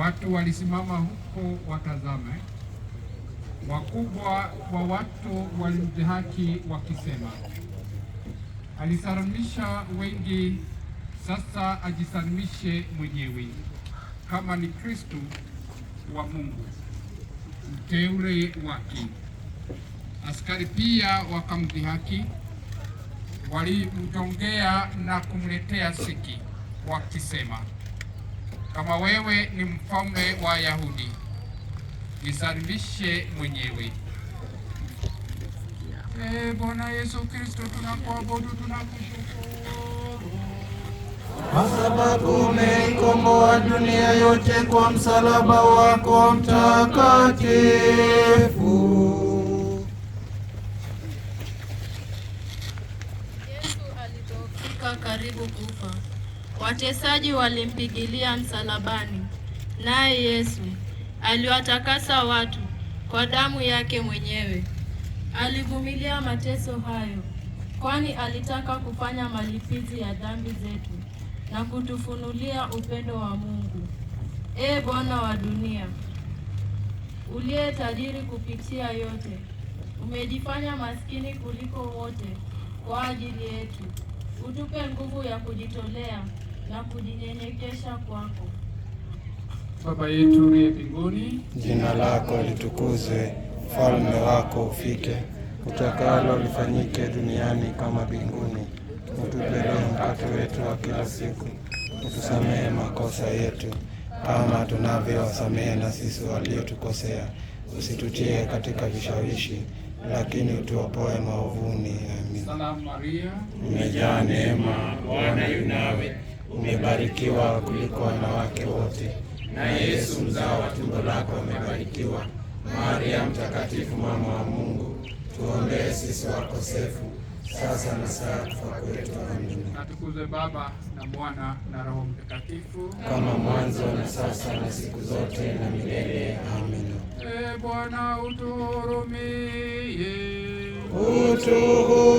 Watu walisimama huko watazame, wakubwa wa watu walimdhihaki wakisema, alisalimisha wengi, sasa ajisalimishe mwenyewe kama ni Kristo wa Mungu, mteule wake. Askari pia wakamdhihaki, walimtongea na kumletea siki wakisema kama wewe ni mfalme wa Wayahudi, nisalimishe mwenyewe. E Bwana Yesu Kristo, tunakuabudu, tunakushukuru kwa sababu umeikomboa dunia yote kwa msalaba wako mtakatifu. Yesu alipofika karibu kufa watesaji walimpigilia msalabani, naye Yesu aliwatakasa watu kwa damu yake mwenyewe. Alivumilia mateso hayo, kwani alitaka kufanya malipizi ya dhambi zetu na kutufunulia upendo wa Mungu. Ee Bwana wa dunia, uliye tajiri kupitia yote, umejifanya maskini kuliko wote kwa ajili yetu. Utupe nguvu ya kujitolea na kujinyenyekesha kwako. Baba yetu uliye mbinguni, jina lako litukuzwe, ufalme wako ufike, utakalo lifanyike duniani kama mbinguni. Utupe leo mkate wetu wa kila siku, utusamehe makosa yetu kama tunavyowasamehe na sisi waliotukosea, usitutie katika vishawishi, lakini utuopoe maovuni. Amina. Salamu Maria, umejaa neema, Bwana umebarikiwa kuliko wanawake wote, na Yesu mzao wa tumbo lako umebarikiwa. Maria Mtakatifu, mama wa Mungu, tuombee sisi wakosefu, sasa na saa kufa kwetu. Amina. Atukuzwe Baba na Mwana na Roho Mtakatifu, kama mwanzo na sasa na siku zote na milele. Amina. E Bwana, utuhurumie.